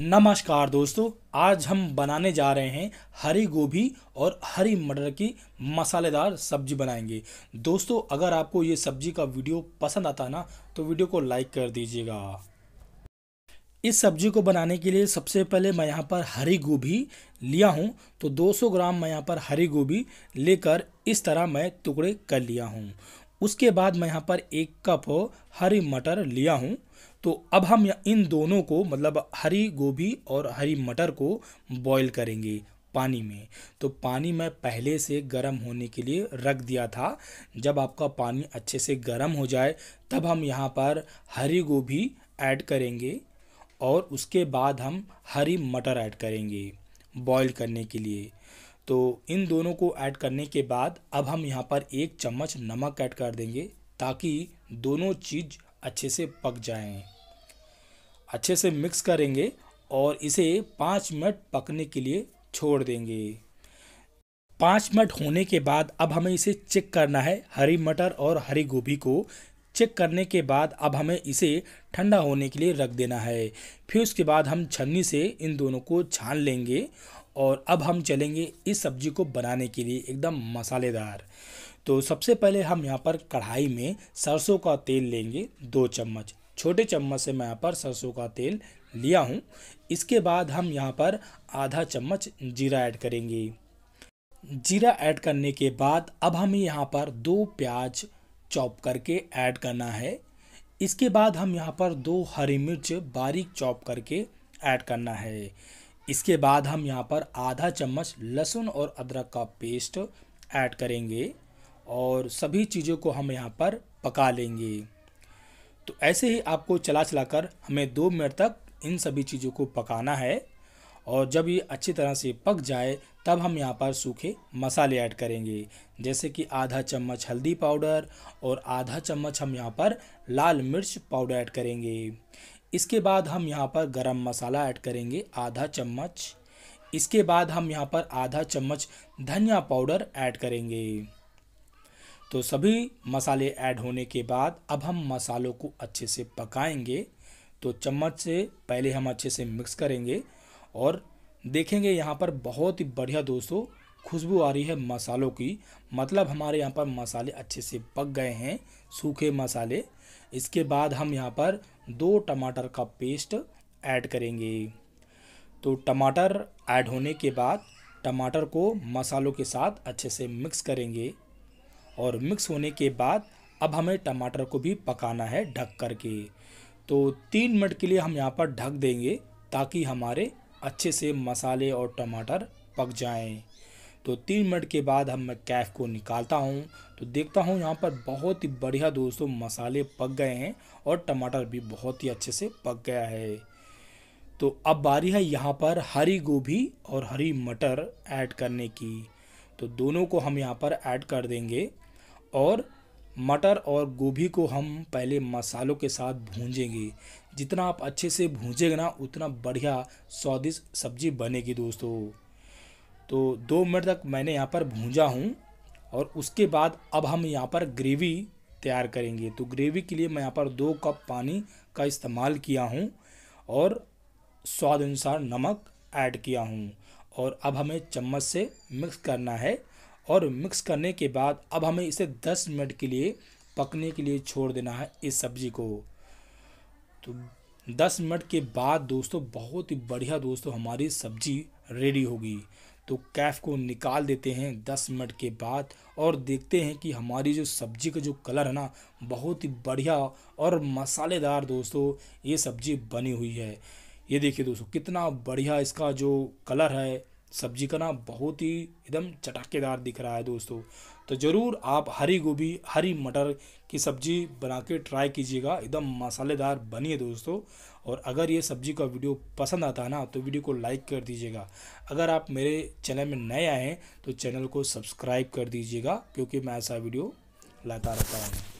नमस्कार दोस्तों आज हम बनाने जा रहे हैं हरी गोभी और हरी मटर की मसालेदार सब्जी बनाएंगे दोस्तों अगर आपको ये सब्जी का वीडियो पसंद आता ना तो वीडियो को लाइक कर दीजिएगा इस सब्जी को बनाने के लिए सबसे पहले मैं यहाँ पर हरी गोभी लिया हूँ तो 200 ग्राम मैं यहाँ पर हरी गोभी लेकर इस तरह मैं टुकड़े कर लिया हूँ उसके बाद मैं यहाँ पर एक कप हरी मटर लिया हूँ तो अब हम इन दोनों को मतलब हरी गोभी और हरी मटर को बॉईल करेंगे पानी में तो पानी मैं पहले से गर्म होने के लिए रख दिया था जब आपका पानी अच्छे से गर्म हो जाए तब हम यहाँ पर हरी गोभी ऐड करेंगे और उसके बाद हम हरी मटर ऐड करेंगे बॉईल करने के लिए तो इन दोनों को ऐड करने के बाद अब हम यहाँ पर एक चम्मच नमक ऐड कर देंगे ताकि दोनों चीज़ अच्छे से पक जाएं अच्छे से मिक्स करेंगे और इसे पाँच मिनट पकने के लिए छोड़ देंगे पाँच मिनट होने के बाद अब हमें इसे चेक करना है हरी मटर और हरी गोभी को चेक करने के बाद अब हमें इसे ठंडा होने के लिए रख देना है फिर उसके बाद हम छन्नी से इन दोनों को छान लेंगे और अब हम चलेंगे इस सब्ज़ी को बनाने के लिए एकदम मसालेदार तो सबसे पहले हम यहाँ पर कढ़ाई में सरसों का तेल लेंगे दो चम्मच छोटे चम्मच से मैं यहाँ पर सरसों का तेल लिया हूँ इसके बाद हम यहाँ पर आधा चम्मच जीरा ऐड करेंगे जीरा ऐड करने के बाद अब हमें यहाँ पर दो प्याज चॉप करके ऐड करना है इसके बाद हम यहाँ पर दो हरी मिर्च बारीक चॉप करके ऐड करना है इसके बाद हम यहाँ पर आधा चम्मच लहसुन और अदरक का पेस्ट ऐड करेंगे और सभी चीज़ों को हम यहाँ पर पका लेंगे तो ऐसे ही आपको चला चला कर हमें दो मिनट तक इन सभी चीज़ों को पकाना है और जब ये अच्छी तरह से पक जाए तब हम यहाँ पर सूखे मसाले ऐड करेंगे जैसे कि आधा चम्मच हल्दी पाउडर और आधा चम्मच हम यहाँ पर लाल मिर्च पाउडर ऐड करेंगे इसके बाद हम यहाँ पर गरम मसाला ऐड करेंगे आधा चम्मच इसके बाद हम यहाँ पर आधा चम्मच धनिया पाउडर ऐड करेंगे तो सभी मसाले ऐड होने के बाद अब हम मसालों को अच्छे से पकाएंगे तो चम्मच से पहले हम अच्छे से मिक्स करेंगे और देखेंगे यहाँ पर बहुत ही बढ़िया दोस्तों खुशबू आ रही है मसालों की मतलब हमारे यहाँ पर मसाले अच्छे से पक गए हैं सूखे मसाले इसके बाद हम यहाँ पर दो टमाटर का पेस्ट ऐड करेंगे तो टमाटर ऐड होने के बाद टमाटर को मसालों के साथ अच्छे से मिक्स करेंगे और मिक्स होने के बाद अब हमें टमाटर को भी पकाना है ढक कर के तो तीन मिनट के लिए हम यहाँ पर ढक देंगे ताकि हमारे अच्छे से मसाले और टमाटर पक जाएं तो तीन मिनट के बाद हम मैं कैफ को निकालता हूँ तो देखता हूँ यहाँ पर बहुत ही बढ़िया दोस्तों मसाले पक गए हैं और टमाटर भी बहुत ही अच्छे से पक गया है तो अब बारी है यहाँ पर हरी गोभी और हरी मटर ऐड करने की तो दोनों को हम यहाँ पर ऐड कर देंगे और मटर और गोभी को हम पहले मसालों के साथ भूंजेंगे जितना आप अच्छे से भूंजेंगे ना उतना बढ़िया स्वादिष्ट सब्जी बनेगी दोस्तों तो दो मिनट तक मैंने यहाँ पर भूंजा हूँ और उसके बाद अब हम यहाँ पर ग्रेवी तैयार करेंगे तो ग्रेवी के लिए मैं यहाँ पर दो कप पानी का इस्तेमाल किया हूँ और स्वाद अनुसार नमक ऐड किया हूँ और अब हमें चम्मच से मिक्स करना है और मिक्स करने के बाद अब हमें इसे दस मिनट के लिए पकने के लिए छोड़ देना है इस सब्ज़ी को तो दस मिनट के बाद दोस्तों बहुत ही बढ़िया दोस्तों हमारी सब्ज़ी रेडी होगी तो कैफ को निकाल देते हैं दस मिनट के बाद और देखते हैं कि हमारी जो सब्जी का जो कलर है ना बहुत ही बढ़िया और मसालेदार दोस्तों ये सब्ज़ी बनी हुई है ये देखिए दोस्तों कितना बढ़िया इसका जो कलर है सब्जी का ना बहुत ही एकदम चटाकेदार दिख रहा है दोस्तों तो ज़रूर आप हरी गोभी हरी मटर की सब्ज़ी बना के ट्राई कीजिएगा एकदम मसालेदार बनिए दोस्तों और अगर ये सब्ज़ी का वीडियो पसंद आता है ना तो वीडियो को लाइक कर दीजिएगा अगर आप मेरे चैनल में नए आए हैं तो चैनल को सब्सक्राइब कर दीजिएगा क्योंकि मैं ऐसा वीडियो लाता रहता हूँ